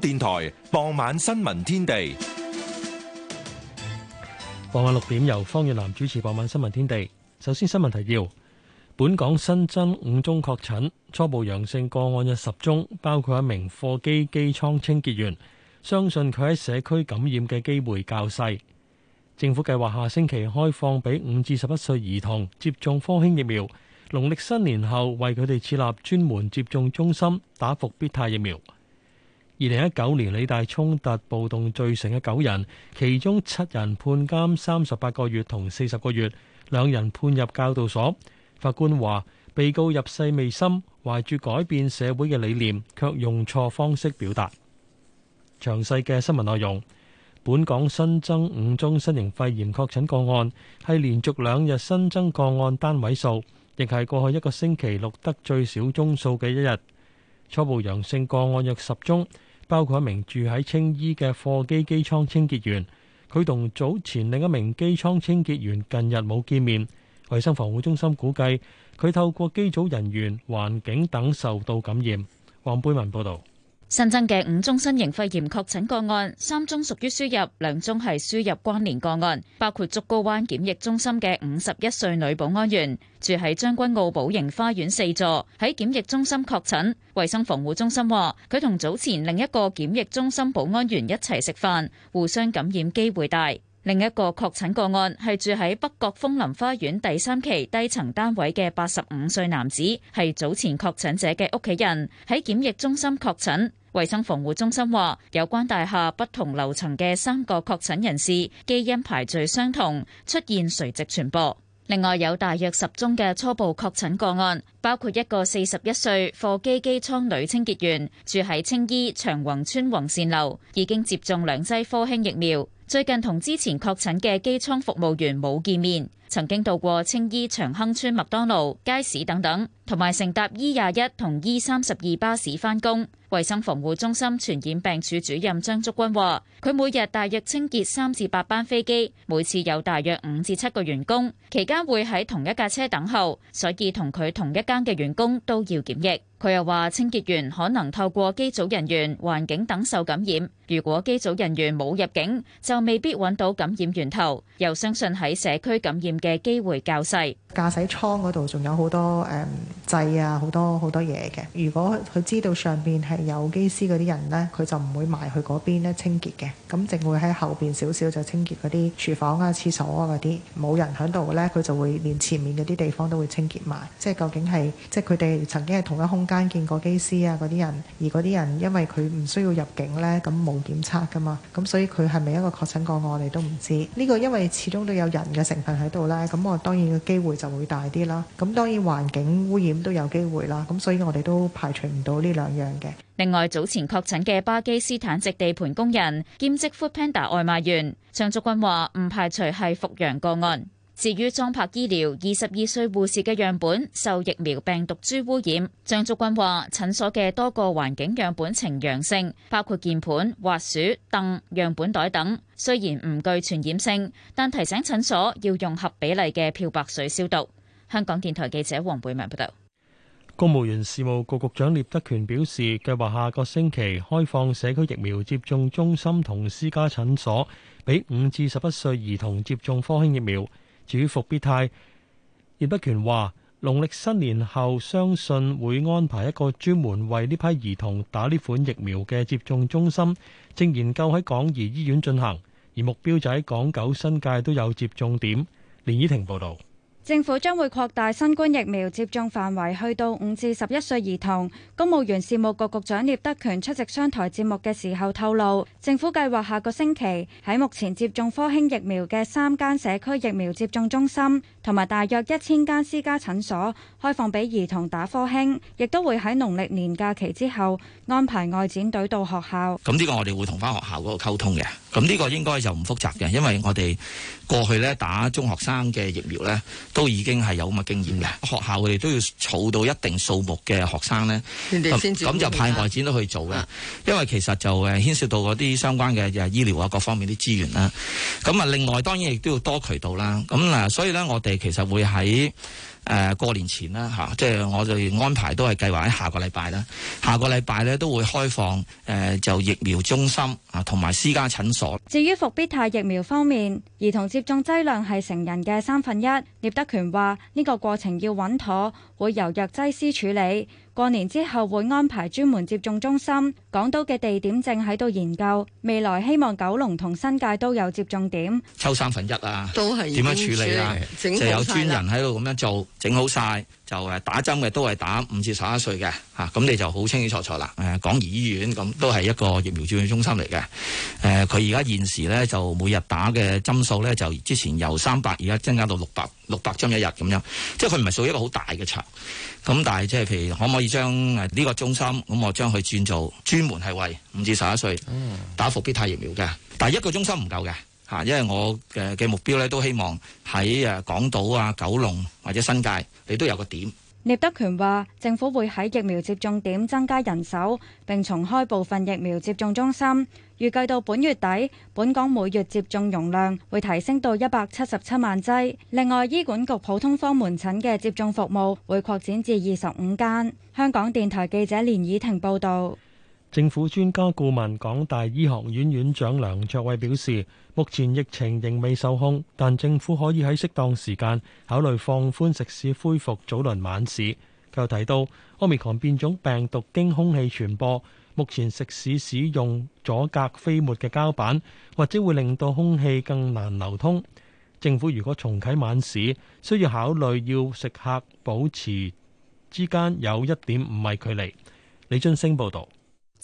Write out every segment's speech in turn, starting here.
電台傍晚新聞天地，傍晚六點由方月南主持。傍晚新聞天地，首先新聞提要：本港新增五宗確診，初步陽性個案有十宗，包括一名貨機機艙清潔員。相信佢喺社區感染嘅機會較細。政府計劃下星期開放俾五至十一歲兒童接種科興疫苗。農曆新年後，為佢哋設立專門接種中心，打復必泰疫苗。二零一九年理大衝突暴動罪成嘅九人，其中七人判監三十八個月同四十個月，兩人判入教導所。法官話被告入世未深，懷住改變社會嘅理念，卻用錯方式表達。詳細嘅新聞內容。本港新增五宗新型肺炎確診個案，係連續兩日新增個案單位數，亦係過去一個星期錄得最少宗數嘅一日。初步陽性個案約十宗。包括一名住喺青衣嘅貨機機艙清潔員，佢同早前另一名機艙清潔員近日冇見面。衛生防護中心估計，佢透過機組人員、環境等受到感染。黃貝文報道。新增嘅五宗新型肺炎確診個案，三宗屬於輸入，兩宗係輸入關聯個案，包括竹篙灣檢疫中心嘅五十一歲女保安員，住喺將軍澳寶盈花園四座，喺檢疫中心確診。衛生防護中心話，佢同早前另一個檢疫中心保安員一齊食飯，互相感染機會大。另一個確診個案係住喺北角楓林花園第三期低層單位嘅八十五歲男子，係早前確診者嘅屋企人，喺檢疫中心確診。衛生防護中心話，有關大廈不同樓層嘅三個確診人士基因排序相同，出現垂直傳播。另外有大約十宗嘅初步確診個案，包括一個四十一歲貨機機艙女清潔員，住喺青衣長宏村宏善樓，已經接種兩劑科興疫苗。最近同之前確診嘅機艙服務員冇見面，曾經到過青衣長亨村麥當勞、街市等等，同埋乘搭 E 廿一同 E 三十二巴士返工。衞生防護中心傳染病處主任張竹君話：佢每日大約清潔三至八班飛機，每次有大約五至七個員工，期間會喺同一架車等候，所以同佢同一間嘅員工都要檢疫。佢又話清潔員可能透過機組人員環境等受感染。如果機組人員冇入境，就未必搵到感染源頭，又相信喺社區感染嘅機會較細。駕駛艙度仲有好多誒掣、嗯、啊，好多好多嘢嘅。如果佢知道上邊係有機師啲人咧，佢就唔會埋去邊咧清潔嘅。咁淨會喺後邊少少就清潔啲廚房啊、廁所啊啲冇人響度咧，佢就會連前面啲地方都會清潔埋。即係究竟係即係佢哋曾經係同一空。間見過機師啊，嗰啲人，而嗰啲人因為佢唔需要入境呢，咁冇檢測噶嘛，咁所以佢係咪一個確診個案，我哋都唔知呢個，因為始終都有人嘅成分喺度啦，咁我當然個機會就會大啲啦。咁當然環境污染都有機會啦，咁所以我哋都排除唔到呢兩樣嘅。另外早前確診嘅巴基斯坦籍地盤工人兼職 food panda 外賣員，張竹君話唔排除係復陽個案。至於裝柏醫療二十二歲護士嘅樣本受疫苗病毒株污染，張竹君話：診所嘅多個環境樣本呈陽性，包括鍵盤、滑鼠、凳、樣本袋等。雖然唔具傳染性，但提醒診所要用合比例嘅漂白水消毒。香港電台記者黃貝文報道。公務員事務局局長聶德權表示，計劃下個星期開放社區疫苗接種中心同私家診所，俾五至十一歲兒童接種科興疫苗。至於復必泰，葉德權話，農曆新年後相信會安排一個專門為呢批兒童打呢款疫苗嘅接種中心，正研究喺港兒醫院進行，而目標就喺港九新界都有接種點。連依婷報導。政府將會擴大新冠疫苗接種範圍，去到五至十一歲兒童。公務員事務局局長聶德權出席商台節目嘅時候透露，政府計劃下個星期喺目前接種科興疫苗嘅三間社區疫苗接種中心同埋大約一千間私家診所開放俾兒童打科興，亦都會喺農曆年假期之後安排外展隊到學校。咁呢個我哋會同返學校嗰個溝通嘅。咁呢個應該就唔複雜嘅，因為我哋過去咧打中學生嘅疫苗咧，都已經係有咁嘅經驗嘅。學校佢哋都要儲到一定數目嘅學生咧，咁就派外展都去做嘅。啊、因為其實就誒牽涉到嗰啲相關嘅就係醫療啊各方面啲資源啦。咁啊，另外當然亦都要多渠道啦。咁嗱，所以咧我哋其實會喺。誒、呃、過年前啦嚇、啊，即係我哋安排都係計劃喺下個禮拜啦。下個禮拜咧都會開放誒、呃、就疫苗中心啊，同埋私家診所。至於復必泰疫苗方面，兒童接種劑量係成人嘅三分一。聶德權話呢、呢個過程要穩妥，會由藥劑師處理。過年之後會安排專門接種中心，港島嘅地點正喺度研究，未來希望九龍同新界都有接種點。抽三分一啊，都係點、啊、樣處理啊？就有專人喺度咁樣做，整好晒就誒打針嘅都係打五至十一歲嘅，吓，咁、啊、你就好清清楚楚啦。誒、啊，港怡醫院咁都係一個疫苗接種中心嚟嘅。誒、啊，佢而家現時咧就每日打嘅針數咧就之前由三百而家增加到六百六百針一日咁樣，即係佢唔係屬於一個好大嘅場。咁但係即係，譬如可唔可以將呢個中心，咁我將佢轉做專門係為五至十一歲打復必泰疫苗嘅？但係一個中心唔夠嘅，吓，因為我嘅嘅目標咧，都希望喺誒港島啊、九龍或者新界，你都有個點。聶德權話，政府會喺疫苗接種點增加人手，並重開部分疫苗接種中心。預計到本月底，本港每月接種容量會提升到一百七十七萬劑。另外，醫管局普通科門診嘅接種服務會擴展至二十五間。香港電台記者連以婷報導。政府專家顧問港大醫學院院長梁卓偉表示，目前疫情仍未受控，但政府可以喺適當時間考慮放寬食肆恢復早輪晚市。佢又提到，奧密克戎變種病毒經空氣傳播。目前食肆使用阻隔飛沫嘅膠板，或者會令到空氣更難流通。政府如果重啟晚市，需要考慮要食客保持之間有一點五米距離，李津升報道。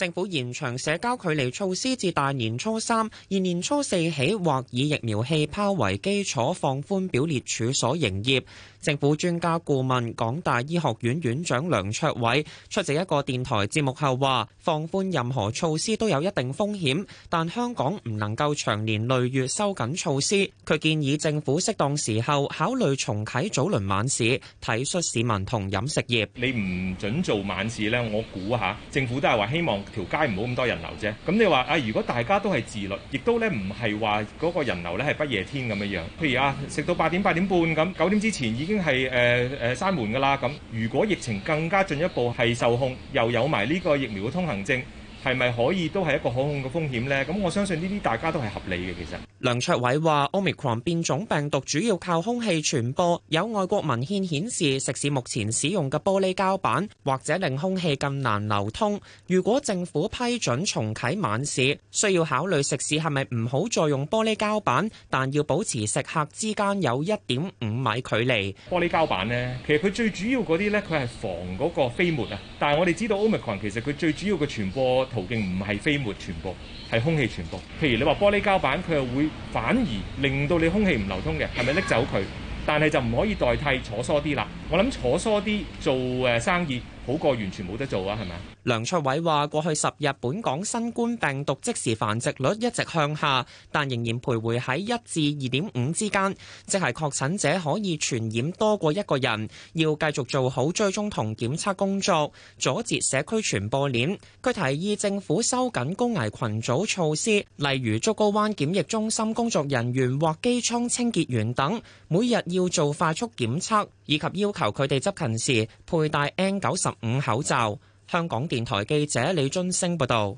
政府延長社交距離措施至大年初三、二年初四，而年初四起，或以疫苗氣泡為基礎放寬表列處所營業。政府專家顧問港大醫學院院長梁卓偉出席一個電台節目後話：放寬任何措施都有一定風險，但香港唔能夠長年累月收緊措施。佢建議政府適當時候考慮重啟早輪晚市，體恤市民同飲食業。你唔準做晚市呢？我估下。」政府都係話希望。條街唔好咁多人流啫。咁、嗯、你話啊，如果大家都係自律，亦都咧唔係話嗰個人流咧係不夜天咁樣樣。譬如啊，食到八點八點半咁，九點之前已經係誒誒閂門㗎啦。咁如果疫情更加進一步係受控，又有埋呢個疫苗嘅通行證。係咪可以都係一個可控嘅風險呢？咁我相信呢啲大家都係合理嘅。其實，梁卓偉話：Omicron 變種病毒主要靠空氣傳播。有外國文獻顯示，食肆目前使用嘅玻璃膠板，或者令空氣更難流通。如果政府批准重啟晚市，需要考慮食肆係咪唔好再用玻璃膠板，但要保持食客之間有一點五米距離。玻璃膠板呢，其實佢最主要嗰啲呢，佢係防嗰個飛沫啊。但係我哋知道 Omicron 其實佢最主要嘅傳播。途徑唔係飛沫傳播，係空氣傳播。譬如你話玻璃膠板，佢又會反而令到你空氣唔流通嘅，係咪拎走佢？但係就唔可以代替坐疏啲啦。我諗坐疏啲做誒生意。好過完全冇得做啊，係咪啊？梁卓偉話過去十日本港新冠病毒即時繁殖率一直向下，但仍然徘徊喺一至二點五之間，即係確診者可以傳染多過一個人。要繼續做好追蹤同檢測工作，阻截社區傳播鏈。佢提議政府收緊高危群組措施，例如竹篙灣檢疫中心工作人員或機艙清潔員等，每日要做快速檢測，以及要求佢哋執勤時佩戴 N 九十。五口罩，香港電台記者李津升報道。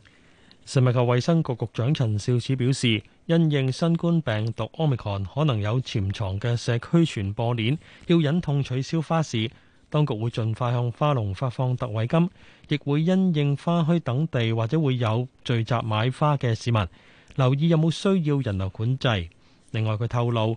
食物及衛生局局長陳肇始表示，因應新冠病毒 Omicron 可能有潛藏嘅社區傳播鏈，要忍痛取消花市。當局會盡快向花農發放特惠金，亦會因應花墟等地或者會有聚集買花嘅市民，留意有冇需要人流管制。另外，佢透露，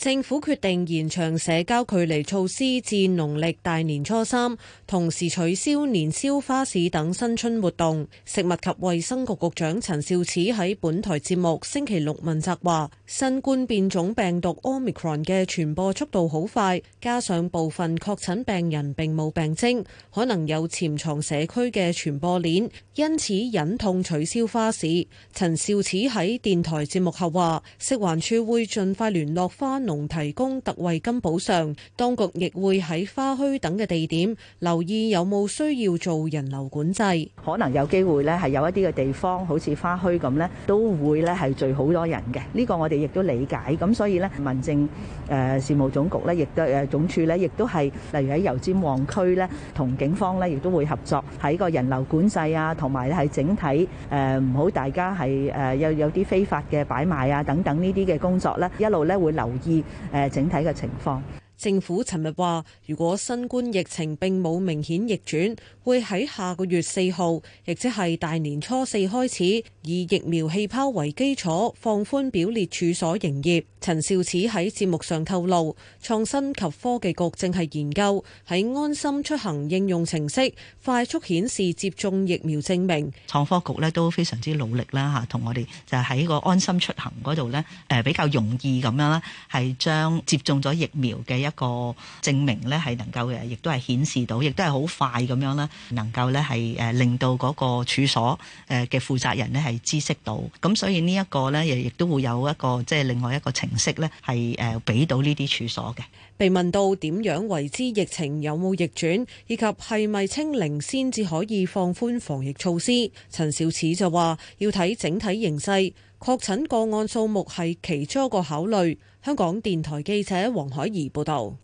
政府決定延長社交距離措施至農曆大年初三，同時取消年宵花市等新春活動。食物及衛生局局長陳肇始喺本台節目星期六問責話，新冠變種病毒 Omicron 嘅傳播速度好快，加上部分確診病人並冇病徵，可能有潛藏社區嘅傳播鏈，因此忍痛取消花市。陳肇始喺電台節目後話，食環署會盡快聯絡返。農提供特惠金補償，當局亦會喺花墟等嘅地點留意有冇需要做人流管制，可能有機會咧係有一啲嘅地方，好似花墟咁咧，都會咧係聚好多人嘅。呢個我哋亦都理解，咁所以咧，民政誒事務總局咧，亦都誒總署咧，亦都係例如喺油尖旺區咧，同警方咧亦都會合作喺個人流管制啊，同埋係整體誒唔好大家係誒有有啲非法嘅擺賣啊等等呢啲嘅工作咧，一路咧會留意。誒，整體嘅情況。政府尋日話，如果新冠疫情並冇明顯逆轉，會喺下個月四號，亦即係大年初四開始，以疫苗氣泡為基礎放寬表列處所營業。陳肇始喺節目上透露，創新及科技局正係研究喺安心出行應用程式快速顯示接種疫苗證明。創科局咧都非常之努力啦嚇，同我哋就喺個安心出行嗰度咧，誒比較容易咁樣啦，係將接種咗疫苗嘅一一個證明呢係能夠嘅，亦都係顯示到，亦都係好快咁樣啦，能夠呢係誒令到嗰個處所誒嘅負責人呢係知悉到，咁所以呢一個呢，亦亦都會有一個即係、就是、另外一個程式呢，係誒俾到呢啲處所嘅。被問到點樣為之疫情有冇逆轉，以及係咪清零先至可以放寬防疫措施，陳肇始就話要睇整體形勢。確診個案數目係其中一個考慮。香港電台記者黃海怡報道：二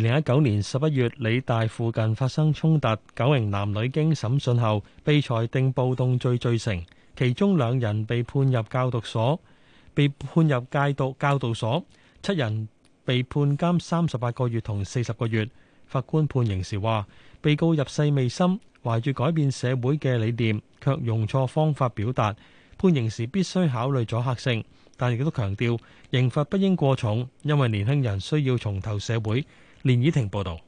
零一九年十一月，理大附近發生衝突，九名男女經審訊後被裁定暴動罪罪成，其中兩人被判入教導所，被判入戒毒教導所，七人被判監三十八個月同四十個月。法官判刑時話：被告入世未深，懷住改變社會嘅理念，卻用錯方法表達。判刑時必須考慮阻嚇性，但亦都強調刑罰不應過重，因為年輕人需要重投社會。連倚婷報道。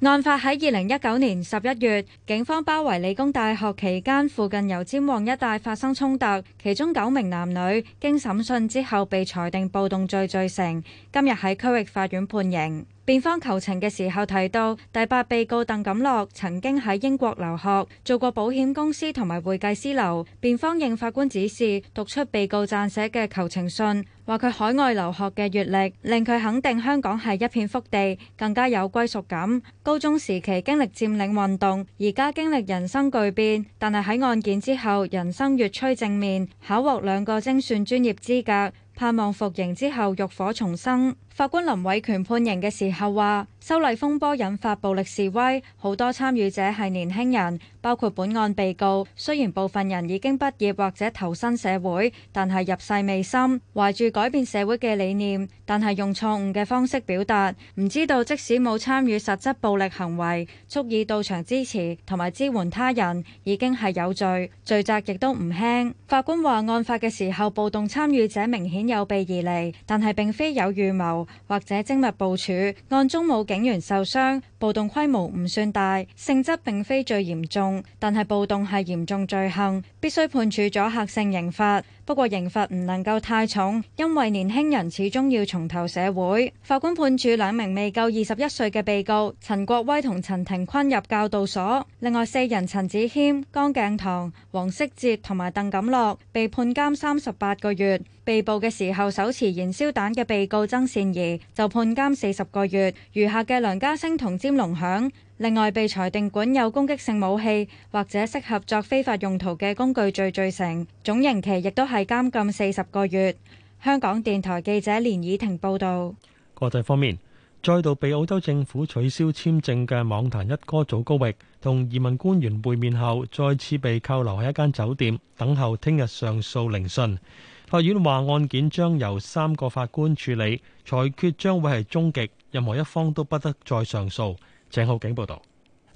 案發喺二零一九年十一月，警方包圍理工大學期間附近油尖旺一帶發生衝突，其中九名男女經審訊之後被裁定暴動罪罪成，今日喺區域法院判刑。辯方求情嘅時候提到，第八被告鄧錦樂曾經喺英國留學，做過保險公司同埋會計師樓。辯方應法官指示讀出被告撰寫嘅求情信，話佢海外留學嘅閱歷令佢肯定香港係一片福地，更加有歸屬感。高中時期經歷佔領運動，而家經歷人生巨變，但係喺案件之後，人生越趨正面，考獲兩個精算專業資格，盼望服刑之後浴火重生。法官林偉權判刑嘅時候話，修例風波引發暴力示威，好多參與者係年輕人，包括本案被告。雖然部分人已經畢業或者投身社會，但係入世未深，懷住改變社會嘅理念，但係用錯誤嘅方式表達，唔知道即使冇參與實質暴力行為，足以到場支持同埋支援他人，已經係有罪，罪責亦都唔輕。法官話案發嘅時候，暴動參與者明顯有備而嚟，但係並非有預謀。或者精密部署，案中冇警員受傷。暴動規模唔算大，性質並非最嚴重，但係暴動係嚴重罪行，必須判處阻嚇性刑罰。不過刑罰唔能夠太重，因為年輕人始終要重投社會。法官判處兩名未夠二十一歲嘅被告陳國威同陳庭坤入教導所。另外四人陳子謙、江鏡堂、黃色哲同埋鄧錦樂被判監三十八個月。被捕嘅時候手持燃燒彈嘅被告曾善儀就判監四十個月。餘下嘅梁家聲同張龍響，另外被裁定管有攻擊性武器或者適合作非法用途嘅工具罪罪成，總刑期亦都係監禁四十個月。香港電台記者連以婷報道。國際方面，再度被澳洲政府取消簽證嘅網壇一哥祖高域，同移民官員會面後，再次被扣留喺一間酒店，等候聽日上訴聆訊。法院話案件將由三個法官處理，裁決將會係終極。任何一方都不得再上訴，鄭浩景報道。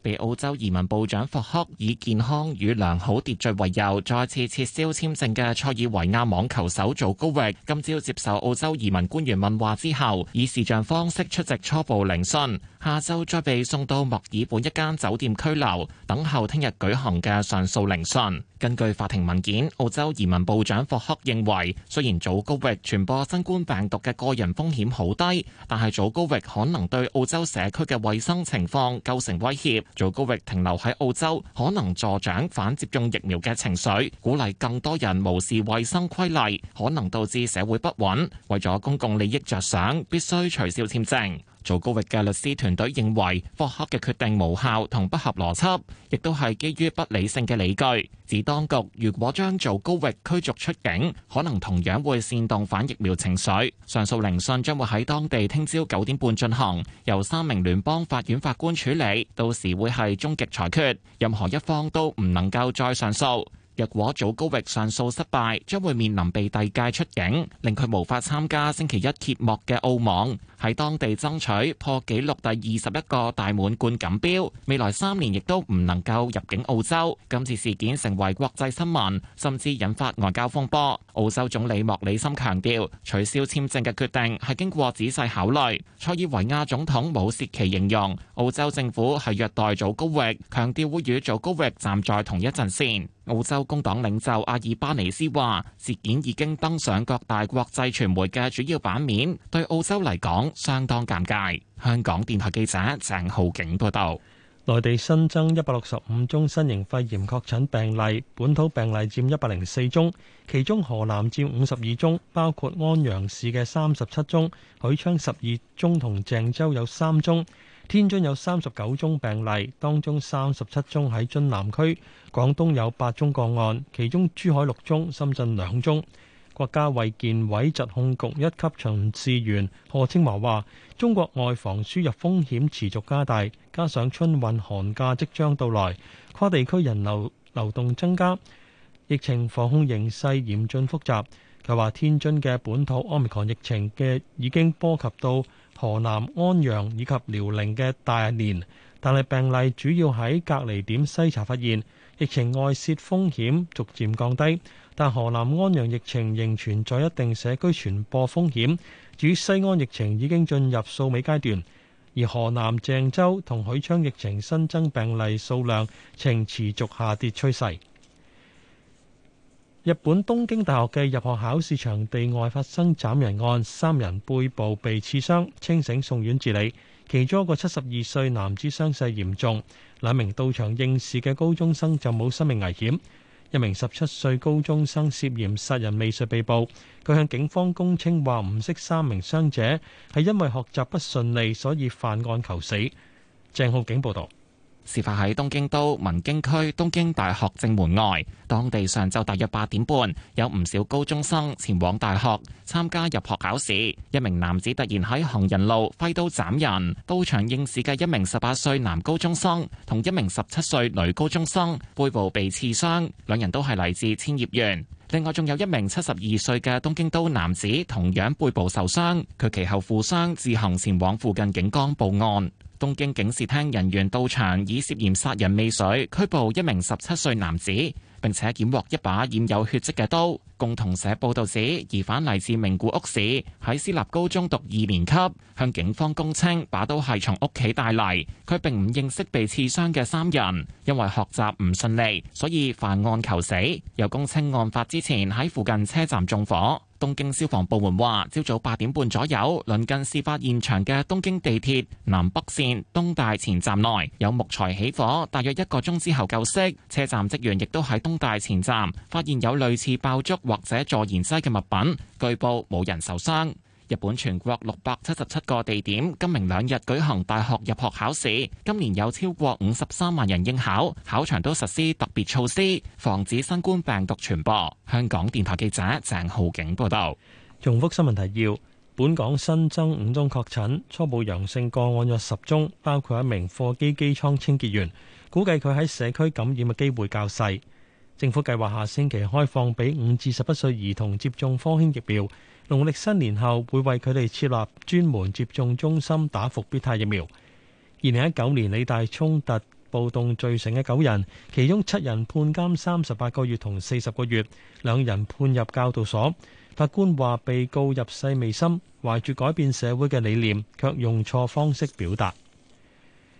被澳洲移民部長霍克以健康與良好秩序為由，再次撤銷簽證嘅塞爾維亞網球手祖高域，今朝接受澳洲移民官員問話之後，以視像方式出席初步聆訊，下周再被送到墨爾本一間酒店拘留，等候聽日舉行嘅上訴聆訊。根據法庭文件，澳洲移民部長霍克認為，雖然祖高域傳播新冠病毒嘅個人風險好低，但係祖高域可能對澳洲社區嘅衛生情況構成威脅。做高域停留喺澳洲，可能助長反接種疫苗嘅情緒，鼓勵更多人無視衛生規例，可能導致社會不穩，為咗公共利益着想，必須取消簽證。做高域嘅律師團隊認為，霍克嘅決定無效同不合邏輯，亦都係基於不理性嘅理據。指當局如果將做高域驅逐出境，可能同樣會煽動反疫苗情緒。上訴聆訊將會喺當地聽朝九點半進行，由三名聯邦法院法官處理，到時會係終極裁決，任何一方都唔能夠再上訴。若果祖高域上訴失敗，將會面臨被遞界出境，令佢無法參加星期一揭幕嘅澳網，喺當地爭取破紀錄第二十一個大滿貫錦標，未來三年亦都唔能夠入境澳洲。今次事件成為國際新聞，甚至引發外交風波。澳洲總理莫里森強調，取消簽證嘅決定係經過仔細考慮。塞爾維亞總統武契奇形容澳洲政府係虐待祖高域，強調會與祖高域站在同一陣線。澳洲工黨領袖阿爾巴尼斯話：事件已經登上各大國際傳媒嘅主要版面，對澳洲嚟講相當尷尬。香港電台記者鄭浩景報道：內地新增一百六十五宗新型肺炎確診病例，本土病例占一百零四宗，其中河南占五十二宗，包括安陽市嘅三十七宗，許昌十二宗同鄭州有三宗。天津有三十九宗病例，當中三十七宗喺津南區，廣東有八宗個案，其中珠海六宗，深圳兩宗。國家衛健委疾控局一級巡視員何清華話，中國外防輸入風險持續加大，加上春運寒假即將到來，跨地區人流流動增加，疫情防控形勢嚴峻複雜，佢話天津嘅本土奧密克戎疫情嘅已經波及到。河南安陽以及遼寧嘅大連，但係病例主要喺隔離點篩查發現，疫情外泄風險逐漸降低。但河南安陽疫情仍存在一定社區傳播風險，至於西安疫情已經進入掃尾階段。而河南鄭州同許昌疫情新增病例數量呈持續下跌趨勢。日本東京大學嘅入學考試場地外發生斬人案，三人背部被刺傷，清醒送院治理。其中一個七十二歲男子傷勢嚴重，兩名到場應試嘅高中生就冇生命危險。一名十七歲高中生涉嫌殺人未遂被捕，佢向警方供稱話唔識三名傷者係因為學習不順利所以犯案求死。鄭浩景報道。事發喺東京都文京區東京大學正門外，當地上晝大約八點半，有唔少高中生前往大學參加入學考試。一名男子突然喺行人路揮刀斬人，到場應試嘅一名十八歲男高中生同一名十七歲女高中生背部被刺傷，兩人都係嚟自千葉縣。另外，仲有一名七十二歲嘅東京都男子同樣背部受傷，佢其後負傷自行前往附近警崗報案。東京警視廳人員到場，以涉嫌殺人未遂拘捕一名十七歲男子，並且檢獲一把染有血跡嘅刀。共同社報道指，疑犯嚟自名古屋市，喺私立高中讀二年級，向警方供稱把刀係從屋企帶嚟，佢並唔認識被刺傷嘅三人，因為學習唔順利，所以犯案求死。又供稱案發之前喺附近車站縱火。東京消防部門話，朝早八點半左右，鄰近事發現場嘅東京地鐵南北線東大前站內有木材起火，大約一個鐘之後救熄。車站職員亦都喺東大前站發現有類似爆竹或者助燃劑嘅物品，據報冇人受傷。日本全國六百七十七個地點今明兩日舉行大學入學考試，今年有超過五十三萬人應考，考場都實施特別措施，防止新冠病毒傳播。香港電台記者鄭浩景報道。重複新聞提要：本港新增五宗確診，初步陽性個案約十宗，包括一名貨機機艙清潔員，估計佢喺社區感染嘅機會較細。政府計劃下星期開放俾五至十一歲兒童接種科興疫苗。農曆新年後會為佢哋設立專門接種中心打復必泰疫苗。二零一九年理大衝突暴動罪成嘅九人，其中七人判監三十八個月同四十個月，兩人判入教導所。法官話被告入世未深，懷住改變社會嘅理念，卻用錯方式表達。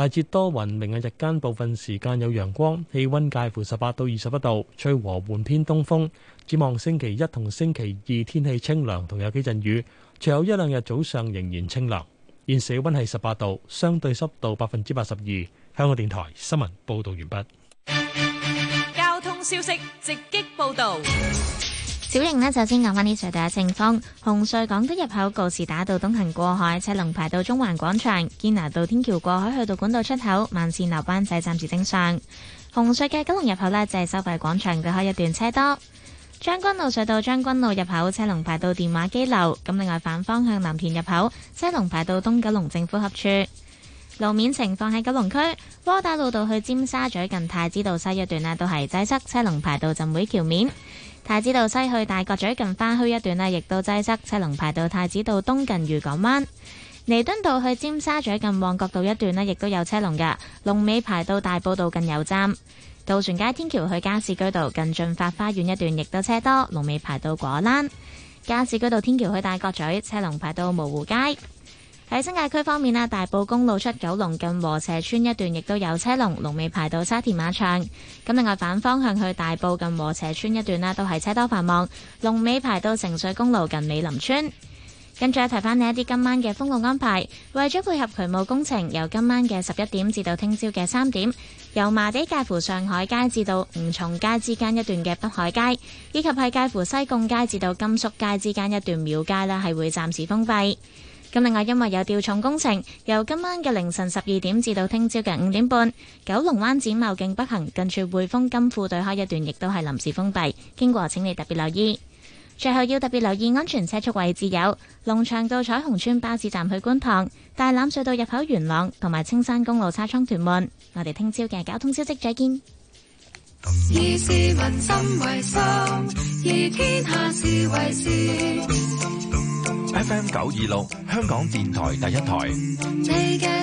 大致多雲，明日日間部分時間有陽光，氣溫介乎十八到二十一度，吹和緩偏東風。展望星期一同星期二天氣清涼，同有幾陣雨，隨後一兩日早上仍然清涼。現時氣溫係十八度，相對濕度百分之八十二。香港電台新聞報道完畢。交通消息直擊報道。小玲呢，就先講翻啲隧道嘅情況。紅隧港督入口告士打道東行過海，車龍排到中環廣場；堅拿道天橋過海去到管道出口，慢線落灣仔暫時正常。紅隧嘅九龍入口呢，就係收費廣場嘅開一段車多。將軍路隧道，將軍路入口車龍排到電話機樓。咁另外反方向，南田入口車龍排到東九龍政府合處。路面情況，喺九龍區窩打老道去尖沙咀近太子道西一段呢，都係擠塞，車龍排到浸會橋面。太子道西去大角咀近花墟一段呢亦都擠塞，車龍排到太子道東近漁港灣。彌敦道去尖沙咀近旺角道一段呢亦都有車龍嘅，龍尾排到大埔道近油站。渡船街天橋去加士居道近駿發花園一段，亦都車多，龍尾排到果欄。加士居道天橋去大角咀，車龍排到蕪湖街。喺新界區方面咧，大埔公路出九龍近和斜村一段，亦都有車龍，龍尾排到沙田馬場。咁另外反方向去大埔近和斜村一段咧，都係車多繁忙，龍尾排到城隧公路近美林村。跟住提翻你一啲今晚嘅封路安排，為咗配合渠務工程，由今晚嘅十一點至到聽朝嘅三點，油麻地介乎上海街至到吳松街之間一段嘅北海街，以及係介乎西貢街至到甘肅街之間一段廟街咧，係會暫時封閉。咁另外，因為有吊重工程，由今晚嘅凌晨十二點至到聽朝嘅五點半，九龍灣展貿徑北行近住匯豐金庫對開一段，亦都係臨時封閉，經過請你特別留意。最後要特別留意安全車速位置，有龍翔道彩虹村巴士站去觀塘、大欖隧道入口元朗同埋青山公路插桅杆屯門。我哋聽朝嘅交通消息，再見。以市民心為心，以天下事為事。FM 九二六，香港電台第一台。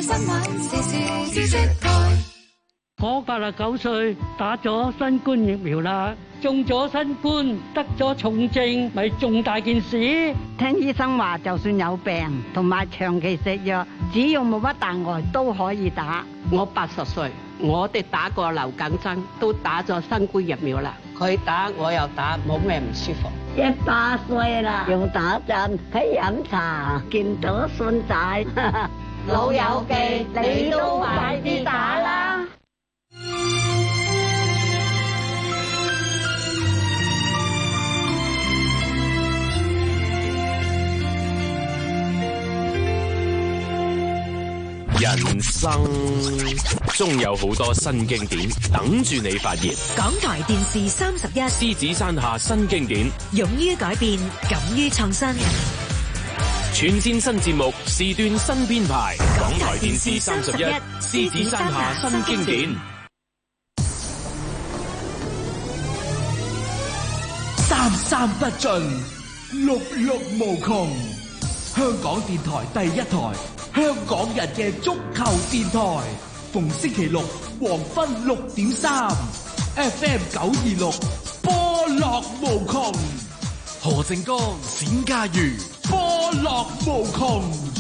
我八十九歲，打咗新冠疫苗啦，中咗新冠，得咗重症，咪重大件事。聽醫生話，就算有病，同埋長期食藥，只要冇乜大礙，都可以打。我八十歲。我哋打過流感針，都打咗新冠疫苗啦。佢打，我又打，冇咩唔舒服。一百歲啦，又打針，喺飲茶，見到孫仔，老友記，你都快啲打啦！人生中有好多新經典等住你發現。港台電視三十一，獅子山下新經典，勇於改變，敢於創新，全線新節目，時段新編排。港台電視三十一，獅子山下新經典，三三不盡，六六無窮。香港電台第一台，香港人嘅足球電台，逢星期六黃昏六點三，FM 九二六，波樂無窮，何靖江、冼家瑜，波樂無窮。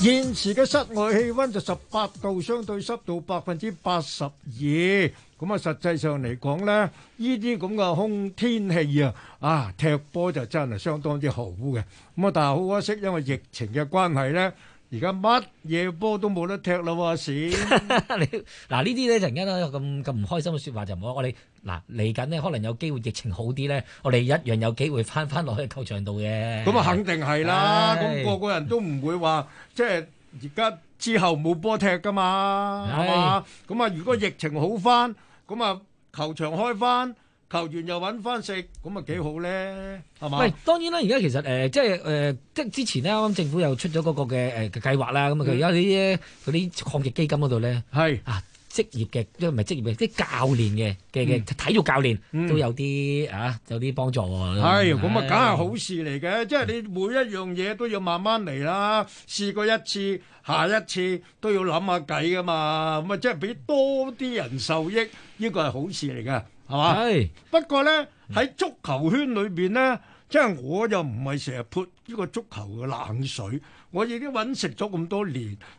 現時嘅室外氣溫就十八度，相對濕度百分之八十二。咁啊、嗯，實際上嚟講咧，呢啲咁嘅空天氣啊，啊，踢波就真係相當之好嘅。咁、嗯、啊，但係好可惜，因為疫情嘅關係咧。而家乜嘢波都冇得踢啦喎！屎！嗱 呢啲咧，陣間咧咁咁唔開心嘅説話就唔好。我哋嗱嚟緊呢，可能有機會疫情好啲咧，我哋一樣有機會翻翻落去球場度嘅。咁啊，肯定係啦。咁的個個人都唔會話，即係而家之後冇波踢噶嘛，係嘛？咁啊，如果疫情好翻，咁啊，球場開翻。球員又搵翻食，咁咪幾好咧？係嘛？喂，當然啦，而家其實誒，即係誒，即、呃、係之前呢，政府又出咗嗰個嘅誒計劃啦。咁、呃、啊，而家啲啲抗疫基金嗰度咧，係是啊，職業嘅即係唔係職業嘅，即係教練嘅嘅嘅體育教練都有啲、嗯、啊，有啲幫助喎。係，咁啊，梗係好事嚟嘅。嗯、即係你每一樣嘢都要慢慢嚟啦，試過一次，下一次都要諗下計噶嘛。咁啊要，即係俾多啲人受益，呢、這個係好事嚟嘅。.係嘛？是不過咧，喺足球圈裏邊咧，即係我又唔係成日潑呢個足球嘅冷水，我已經揾食咗咁多年。